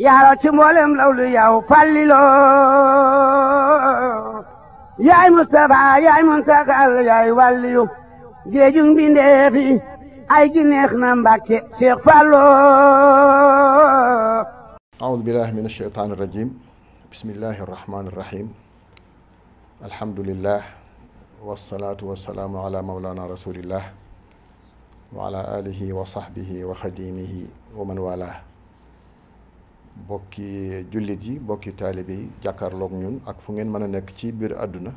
يا راتم ولم لو يا fallilo يا مصطفى يا Muntakal يا وليو جيجون mbindeef دافي اي gi نم na شيخ Seex أعوذ بالله من الشيطان الرجيم بسم الله الرحمن الرحيم الحمد لله والصلاة والسلام على مولانا رسول الله وعلى آله وصحبه وخديمه ومن والاه bokki jullit yi bokki taalibe yi jàkkaarloog ñun ak fu ngeen mën a nekk ci biir àdduna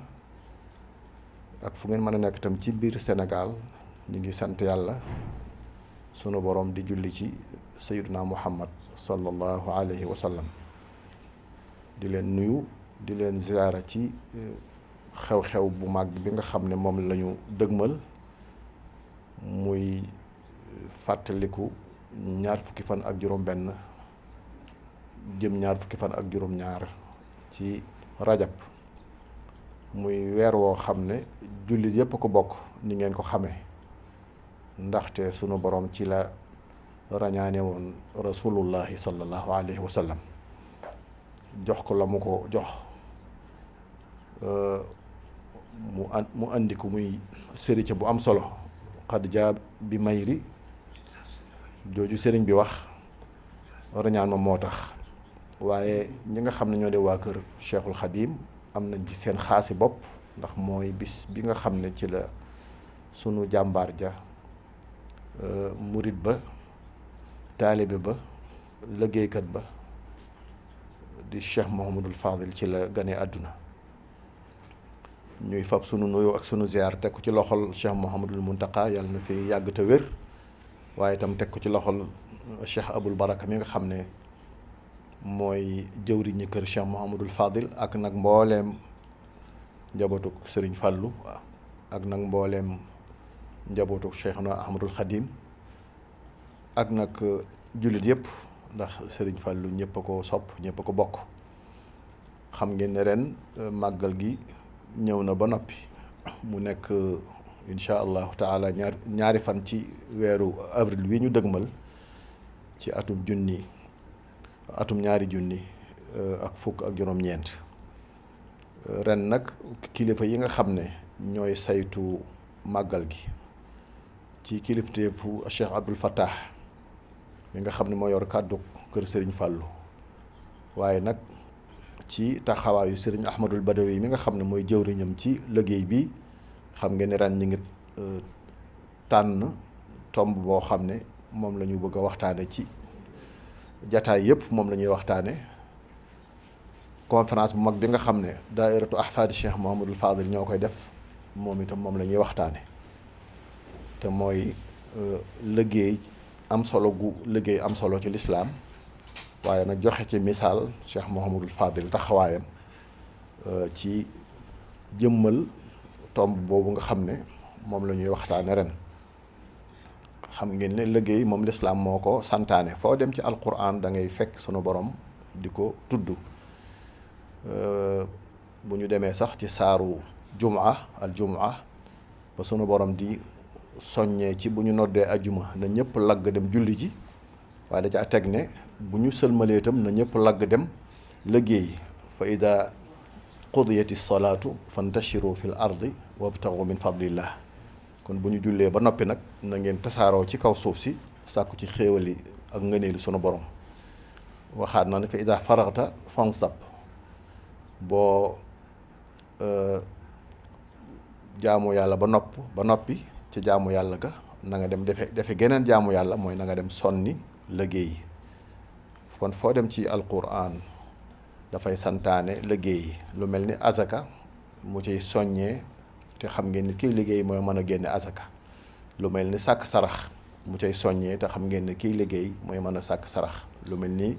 ak fu ngeen mën a nekk tam ci biir senegaal ñu ngi sant yàlla sunu boroom di julli ci sayyiduna muhammad sallallahu alayhi wa sallam di leen nuyu di leen ziyaara ci eh, xew-xew bu mag bi nga xam ne moom lañu dëgmal muy eh, fàttaliku ñaar fukki fan ak juróom-benn. jëm ñaar fukki fan ak juróom ñaar ci rajab muy weer woo xam ne jullit yépp ko bokk ni ngeen ko xamee ndaxte sunu borom ci la rañaane woon rasulullahi sallallahu alayhi wa sallam jox ko la mu ko jox mu an mu andi ko muy sëriñ bu am solo xad jaab bi mayri jooju sëriñ bi wax rañaan ma moo tax waaye ñi nga xam ne ñoo de waa kër Cheikhul Khadim am nañ ci seen xaasi bopp ndax mooy bis bi nga xam ne ci la sunu jàmbaar ja murit ba taalibe ba liggéeykat ba di Cheikh Mouhamadul Fadil ci la gane àdduna ñuy fab sunu nuyoo ak sunu ziar teg ko ci loxol Cheikh Mouhamadul Muntaqa yàlla na fi yàgg te wér waaye itam teg ko ci loxol Cheikh Abul Baraka mi nga xam ne moy jëwriñu kër cheikh mohamadul fadil ak nag mbooleem njabootuk sëriñ fàllu ak nag mbooleem njabootuk cheikhna ahmadul xadim ak nag euh, jullit yëpp ndax sëriñ fàllu ñëpp a ko sopp ñëpp a ko bokk xam ngeen ne ren euh, màggal gi ñëw na ba noppi mu nekk euh, incha taala ñaar ñaari fan ci weeru avril wi ñu dëgmal ci atum junni atum ñaari junni euh, ak fukk ak juróom-ñeent ren nag kilifa yi nga xam ne ñooy saytu màggal gi ci kilifteefu Cheikh Abdul Fattah mi nga xam ne moo yor kàddu kër sëriñ Fallou waaye nag ci taxawaayu Serigne Ahmadul Badawi mi nga xam ne mooy jëwriñam ci liggéey bi xam nga ne ren ñi ngi euh, tànn tomb boo xam ne moom lañu ñu bëgg a waxtaane ci jataay yëpp moom la ñuy waxtaane conférence bu mag bi nga xam ne daairatu ahfaadi cheikh Mouhamadul Fadil ñoo koy def moom itam moom la ñuy waxtaane te mooy euh, liggéey am solo gu liggéey am solo ci lislaam waaye nag joxe ci misaal cheikh Mouhamadul Fadil taxawaayam euh, ci jëmmal tomb boobu nga xam ne moom la ñuy waxtaane ren xam ngeen ne liggéey moom lislaam moo ko santaane foo dem ci alquran da ngay fekk sunu borom di ko tudd bu ñu demee sax ci saaru jumaa al jumaa ba sunu borom di soññee ci bu ñu noddee ajuma na ñëpp lagg dem julli ji waaye da ca teg ne bu ñu sëlmalee na ñëpp lagg dem liggéey fa ida solaatu salaatu fantashiru fi l ardi wabtagu min fadlillah kon bu ñu jullee ba noppi nag nangeen tasaaroo ci kaw suuf si sàkku ci yi ak ngëneeli sunu borom waxaat na ne fa ida faraxta fansab boo euh, jaamu yàlla ba nopp ba noppi ci jaamu yàlla ga na nga dem defe defe geneen jaamu yàlla mooy na nga dem sonni liggéey kon foo dem ci alquran dafay santaane liggéey lu mel ni azaka mu ciy soññee te xam ngeen ni kiy liggéey mooy mën a génne asaka lu mel ni sàkk sarax mu cay soññee te xam ngeen ni kiy liggéey mooy mën a sàkk sarax lu mel ni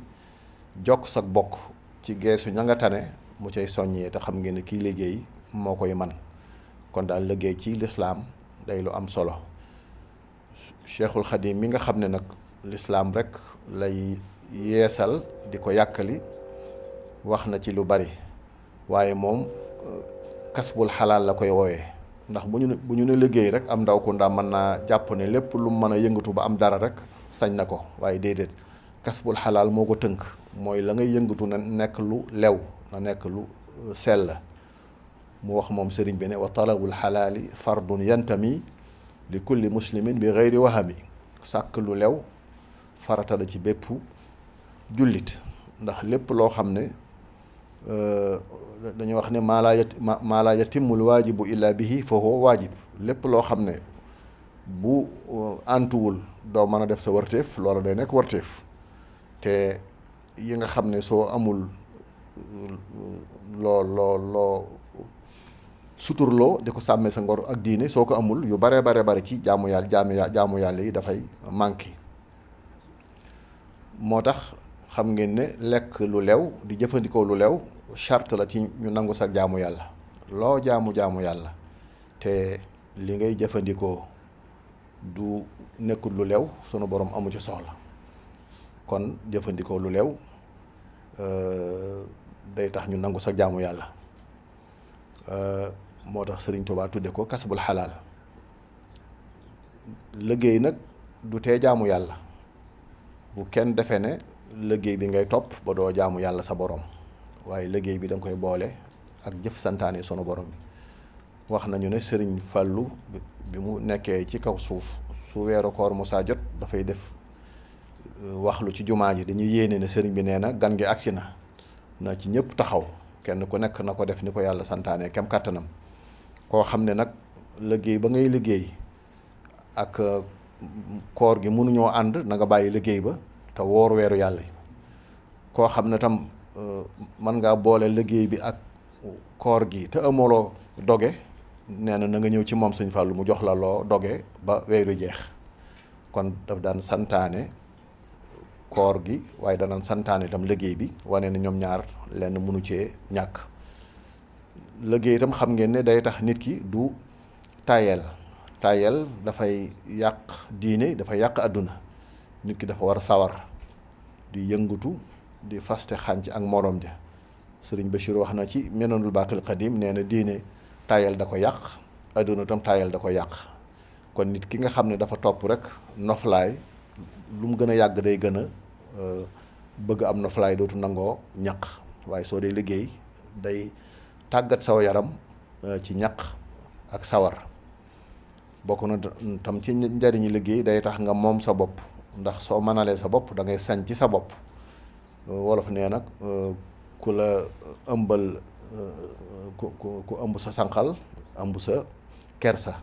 jokk sa bokk ci geesu ña nga mu cay soññee te xam ngeen ni kiy liggéey moo koy man kon daal liggéey ci lislaam day lu am solo cheikhul xadim mi nga xam ne nag lislaam rek lay yeesal di ko yàkkali wax na ci lu bari waaye moom euh, kasbul xalaal la koy wooyee ndax bu ñu ne bu ñu ne liggéey rek am ndaw ku ndax mën naa jàpp ne lépp lu mën a yëngatu ba am dara rek sañ na ko waaye déedéet kasbul xalaal moo ko tënk mooy la ngay yëngatu na nekk lu lew na nekk lu euh, sell mu wax moom sëriñ bi ne wa xalaali xalaali fardun yantami li kulli muslimin bi gayri wahami sàkk lu lew farata la ci bépp jullit ndax lépp loo xam ne Euh, dañu wax ne maa laa yati maa laa yatimul waajibu illaa bi fa huwa waajib lépp loo xam ne bu euh, antuwul doo mën a def sa warteef loola day nekk warteef te yi nga xam ne soo amul loo loo loo suturloo di ko sàmmee sa ngor ak diine soo ko amul yu bare bare bare ci jaamu yàlla jaamu yàlla jaamu yàlla yi dafay manqué moo tax xam ngeen ne lekk lu lew di jëfandikoo lu lew charte la ci ñu nangu sa jaamu yàlla loo jaamu jaamu yàlla te li ngay jëfandikoo du nekkul lu lew sunu borom amu ci soxla kon jëfandikoo lu leew euh, day tax ñu nangu sa jaamu yàlla euh, moo tax Sëriñ Tuubaa tudde ko kasbul xalaal liggéey nag du tee jaamu yàlla bu kenn defee ne liggéey bi ngay topp ba doo jaamu yàlla sa borom. waaye liggéey bi da koy boole ak jëf santaane sunu borom bi wax nañu ne sëriñ fàllu bi mu nekkee ci kaw suuf su weeru koor mu saa jot dafay def euh, waxlu ci jumaa ji dañuy yéene ne sëriñ bi nee na gan gi agsi na na ci ñëpp taxaw kenn ku nekk na ko def ni ko yàlla santaane kem kàttanam koo xam ne nag liggéey ba ngay liggéey ak euh, koor gi mënuñoo ànd na nga bàyyi liggéey ba te woor weeru yàlla koo xam ne tam Euh, man ngaa boole liggéey bi ak koor gi te amuloo doge nee na na nga ñëw ci moom sëñ lu mu jox la loo doge ba weeru jeex kon daf daan santaane koor gi waaye danaan santaane itam liggéey bi wane na ñoom ñaar lenn mënu ci ñàkk liggéey itam xam ngeen ne day tax nit ki du tayel tayel dafay yàq diine dafay yàq àdduna nit ki dafa war a sawar di yëngatu di faste xànc ak morom ja sëriñ ba Bachir wax na ci menanul baqil qadim nee na diine tayal da ko yàq adduna tam tayal da ko yàq kon nit ki nga xam ne dafa topp rek noflaay lu mu gën a yàgg day gën a euh, bëgg am noflaay dootu nangoo ñàq waaye soo dee liggéey day tàggat saw yaram euh, ci ñàq ak sawar bokk na tam ci njariñu liggéey day tax nga moom sa bopp ndax soo mënalee sa bopp dangay sañ ci sa bopp wolof nee nag euh, kula ëmbal euh, ku ku ëmb sa sànqal ëmb sa kersa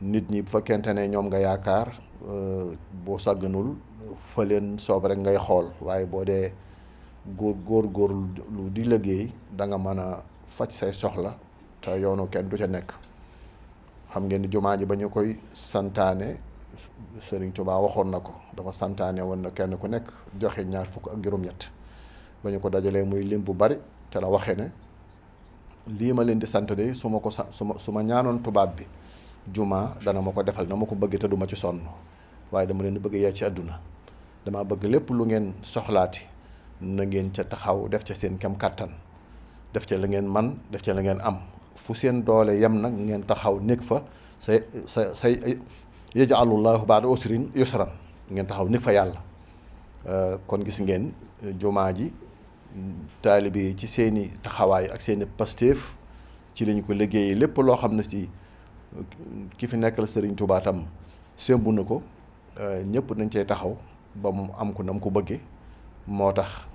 nit ñi bu fekkente ne ñoom nga yaakaar euh, boo sàgganul fa leen soob rek ngay gur waaye boo dee góor góor góor lu di liggéey da nga mën a say soxla yoonu kenn du ca xam ngeen koy Serigne Touba waxoon na ko dafa santaane woon na kenn ku nekk joxe ñaar fukk ak juróom-ñett ba ñu ko dajalee muy lim bu bari te la waxee ne lii ma leen di sant de su ma ko sa su ma su ma ñaanoon tubaab bi jumaa dana ma ko defal na ma ko bëgg te duma ci sonn waaye dama leen di bëgg yee ci àdduna dama bëgg lépp lu ngeen soxlaati na ngeen ca taxaw def ca seen kem kàttan def ca la ngeen man def ca la ngeen am fu seen doole yem nag ngeen taxaw néeg fa say say say yajalullahu baada usrin yusran ngeen taxaw ni fa yàlla euh, kon gis ngeen euh, jumaa ji taalibe yi ci seeni taxawaay ak seeni pastéef ci lañu ko liggéeyee lépp loo xam ne ci ki fi nekkal Serigne Touba tam sémbu na ko euh, ñëpp dañ cee taxaw ba mu am ku na mu ko bëggee moo tax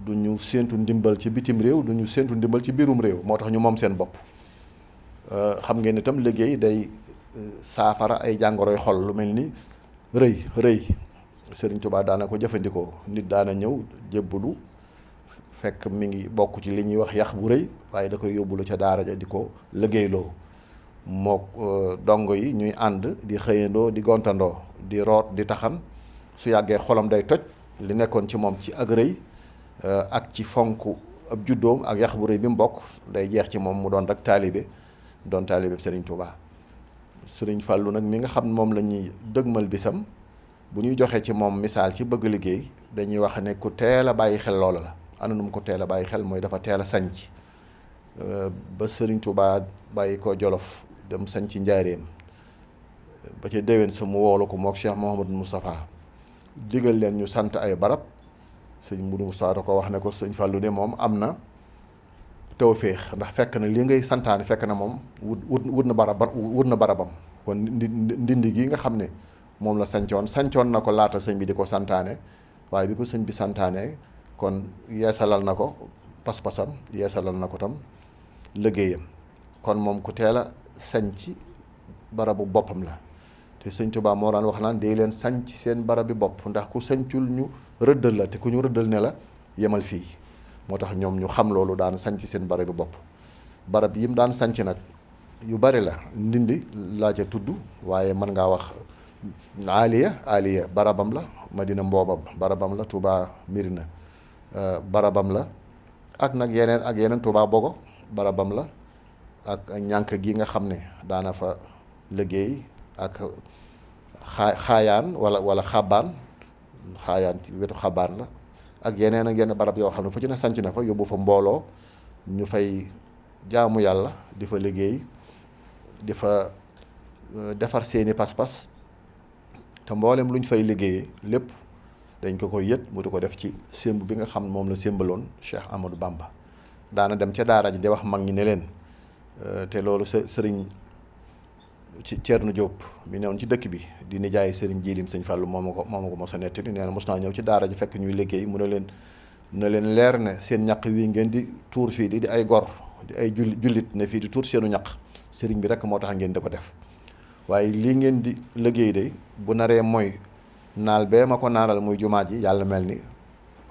du ñu séentu ndimbal ci bitim réew du ñu séentu ndimbal ci biirum réew moo tax ñu moom seen bopp xam ngeen itam liggéey day saafara ay jàngoroy xol lu mel ni rëy rëy sëriñ Tuubaa daana ko jëfandikoo nit daana ñëw jébbalu fekk mu ngi bokk ci li ñuy wax yax bu rëy waaye da koy yóbbulu ca daara ja di ko liggéeyloo mook euh, dongo yi ñuy ànd di xëyandoo di gontandoo di root di taxam su yàggee xolam day toj li nekkoon ci moom ci ak rëy euh, ak ci fonk ab juddoom ak yax bu rëy bi mu bokk day jeex ci moom mu doon rek taalibe doon taalibe Sëriñ Tuubaa sëriñ fàllu nag mi nga xam moom la ñuy dëgmal bisam bu ñuy joxe ci moom misaal ci bëgg liggéey dañuy wax ne ku teel a bàyyi xel loola la ana nu mu ko teel a bàyyi xel mooy dafa teel a sanc euh, ba sëriñ tubaat bàyyi ko Jolof dem sanc Njaaréem ba ca déwén sa mu woolu ko moo mook Cheikh Mouhamadou Moustapha digal leen ñu sant ay barab sëñ Moudou Moustapha da ko wax ne ko sëñ fàllu de moom am na tawféex ndax fekk na li ngay santaane fekk na moom wut wut na barab wut na barabam kon ndindi gi nga xam ne moom la sancoon sancoon na ko laata sañ bi di ko santaane waaye bi ko sëñ bi santaane kon yeesalal na ko pas-pasam yeesalal na ko tam liggéeyam kon moom ku teel a sanc barabu boppam la te sëñ Tuubaa moo daan wax naan day leen sañ ci seen barabi bopp ndax ku sancul ñu rëddal la te ku ñu rëddal ne la yemal fii moo tax ñoom ñu xam loolu daan sanc seen barabu bopp barab yim daan sanc nag yu bari la ndindi laa ca tudd waaye mën ngaa wax aaliya aaliya barabam la madina mboobam barabam la Touba Mirina euh, barabam la ak nag yeneen ak yeneen Touba Bogo barabam la ak ñànk gi nga xam ne daana fa liggéey ak xaayaan wala wala xabaan xaayaan ci wetu xabaan la ak yeneen ak yenn barab yoo xam ne fu ci ne sanc na fa yóbbu fa mbooloo ñu fay jaamu yàlla di fa liggéey di fa euh, defar seeni pas-pas te mboolem lu ñu fay liggéeyee lépp dañ ko ko yët mu di ko def ci sémb bi nga xam moom la sémbaloon Cheikh Amadou Bamba daana dem ca daara ji di wax mag ñi ne leen euh, te loolu sëriñ ci Thierno Diop mi newoon ci dëkk bi di nijaay Serigne Jilim sëñ Fallou moo ma moom moo ko mos a nettali nee na mos naa ñëw ci daara ji fekk ñuy liggéey mu ne leen na leen leer ne seen ñax wii ngeen di tuur fii di di ay gor di ay jullit jullit ne fii di tuur seenu ñaq sëriñ bi rek moo tax ngeen di ko def waaye lii ngeen di liggéey de bu naree mooy naal bee ma ko naaral muy jumaa ji yàlla mel ni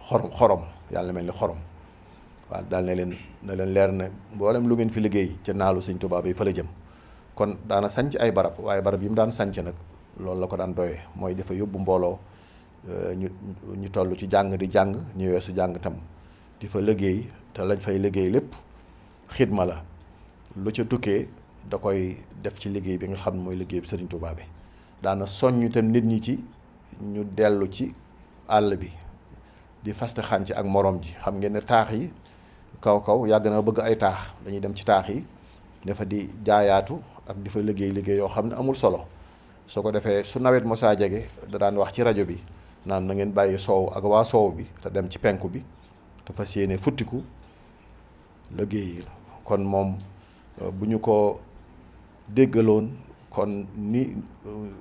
xorom xorom yàlla mel ni xorom waaw daal ne leen na leen leer ne mboolem lu ngeen fi liggéey ca naalu sëñ Tuubaa bi fa la jëm kon daana sanc ay barab waaye barab yi mu daan sanc nag loolu la ko daan doyee mooy dafa yóbbu mbooloo eh, ñu ñu toll ci jàng di jàng ñu weesu jàng tam di fa liggéey te lañ fay liggéey lépp xidma la lu ca tukkee da koy def ci liggéey bi nga xam ne mooy liggéey bi Sëriñ Tuubaa bi daana soññ itam nit ñi ci ñu dellu ci all bi di faste xan ci ak morom ji xam ngeen ne taax yi kaw kaw yàgg na bëgg ay taax dañuy dem ci taax yi dafa di jaayaatu ak di fa liggéey liggéey yoo xam ne amul solo soo ko defee su nawet mosaa jege da daan wax ci rajo bi naan na ngeen bàyyi soow ak waa soow bi te dem ci penku bi dafa fas yéene futtiku liggéey la kon moom euh, bu ñu ko déggaloon kon ni euh,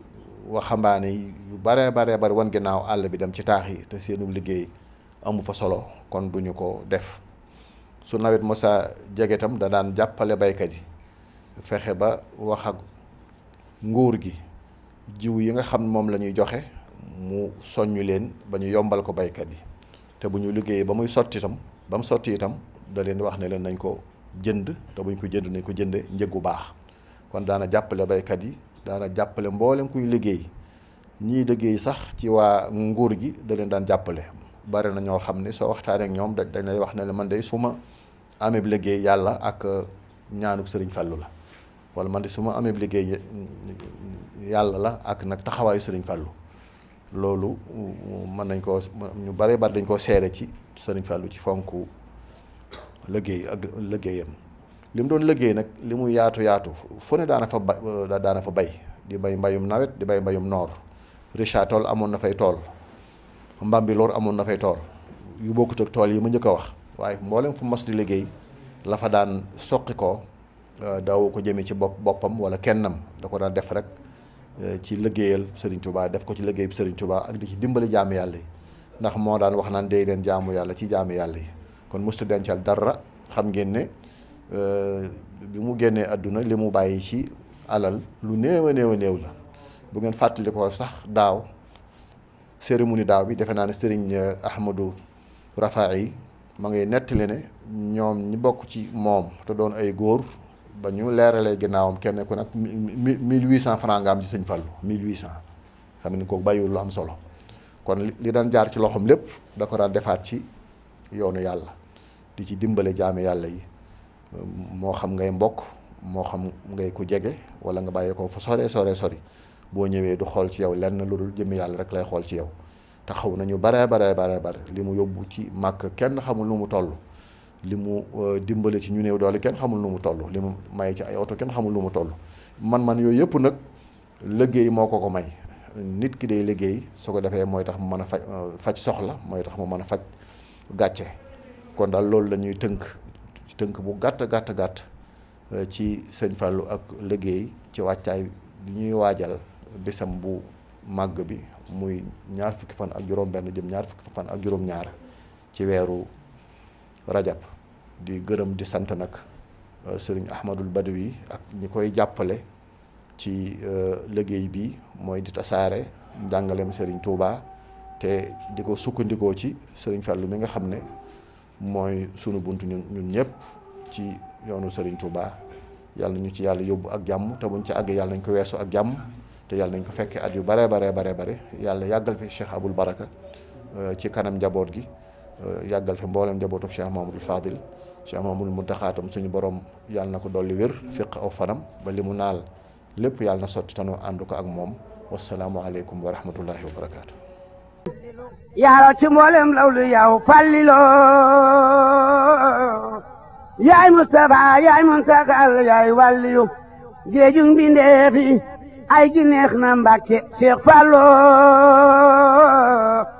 waxambaane yi yu bare bare bari wan ginnaaw àll bi dem ci taax yi te seenu liggéey amu fa solo kon du ñu ko def su nawet mosa jege tam da daan jàppale baykat yi fexe ba wax ak nguur gi jiw yi nga xam moom la ñuy joxe mu soññ leen ba ñu yombal ko baykat yi te bu ñu liggéey ba muy sotti itam ba mu sotti itam da leen wax ne leen nañ ko jënd te buñ ko jënd nañ ko jënde njëg bu baax kon daana jàppale baykat yi daana jàppale mboolem kuñu liggéey ñii liggéey sax ci waa nguur gi da leen daan jàppale bari na ñoo xam ne soo waxtaaneek ñoom dañ lay wax ne la man day suma amee liggéey yàlla ak uh, ñaanu Sëriñ Fallu la wala man de su ma amee liggéey yàlla la ak nag taxawaayu sëriñ fàllu loolu mën nañ koo ñu bare bare dañ koo seere ci sëriñ Fallou ci fonk liggéey ak liggéeyam li mu doon liggéey nag li mu yaatu yaatu fu ne daana fa ba fa bay di bay mbayum nawet di bay mbayum noor Richard tool amoon na fay tool loolu amoon na fay tool yu bokkut ak tool yi ma njëkk a wax waaye mboolem fu mos di liggéey la fa daan soqi ko Euh, daaw ko jëmee ci bopp boppam wala kennam da ko daan def rek euh, ci liggéeyal sëriñ tubaa def ko ci liggéey Serigne Touba ak di ci dimbali jaamu yàlla yi ndax moo daan wax naan dee leen jaamu yàlla ci jaamu yàlla yi kon musta dencal dara xam ngeen ne euh, bi mu génnee àdduna li mu bàyyi ci alal lu néew a néew a la bu ngeen fàttali ko sax daaw cérémonie daaw bi defe naa ne Serigne Ahmadou Rafaay ma ngay nettali ne ñoom ñi bokk ci moom te doon ay góor ba ñu leeralee ginnaawam kenn ku nag mille huit cent franc nga am ci sëñ Fallou mille huit cent xam ne kooku bàyyiwul lu am solo kon li daan jaar ci loxoom lépp da ko daan defaat ci yoonu yàlla di ci dimbale jaame yàlla yi moo xam ngay mbokk moo xam ngay ku jege wala nga bàyyee ko fa sore sore sori boo ñëwee du xool ci yow lenn lu dul jëmmi yàlla rek lay xool ci yow te xaw nañu baree bare baree bare li mu yóbbu ci màkk kenn xamul lu mu toll li mu euh, dimbale ci ñu néew doole kenn xamul nu mu toll li mu may ci ay oto kenn xamul nu mu toll man-man yooyu yëpp nag liggéey moo ko ko may nit ki day liggéey su ko defee mooy tax mu mën a faj euh, faj soxla mooy tax mu mën a faj gàcce kon daal loolu lañuy tënk tënk bu gàtt gàtt gàtt euh, ci sëñ Fallou ak liggéey ci wàccaay bi ñuy waajal bisam bu màgg bi muy ñaar fukki fan ak juróom benn jëm ñaar fukki fan ak juróom ñaar ci weeru rajab di gërëm di sant nag euh, sëriñ ahmadul badawi ak ñi koy jàppale ci euh, léggéey bi mooy di tasaare njàngaleem sëriñ Touba te di ko sukkandikoo ci sëriñ Fallou mi nga xam ne mooy sunu bunt ñun ñun ñëpp ci yoonu sëriñ Touba yàlla ñu ci yàlla yóbbu ak jàmm te buñ ci àggee yàlla nañ ko weesu ak jàmm te yàlla nañ ko fekkee at yu bare bare bare bare yàlla yàggal fi Cheikh Abul Baraka euh, ci kanam njaboot gi Euh, yàggal fi mboolem njabootum Cheikh Mamadou Fadil Cheikh Mamadou Muntaxaatam suñu borom yàlla ko dolli wér fiq aw fanam ba li naal lépp yàlla na sotti tanoo ànd ko ak moom wasalaamualeykum wa rahmatullahi wa barakaatu. yaaroo ci mboolem lawlu yow falliloo yaay Moustapha yaay Muntaxal yaay wàlliyu géeju mbindeef ay gi neex na Mbàkke Cheikh Falloo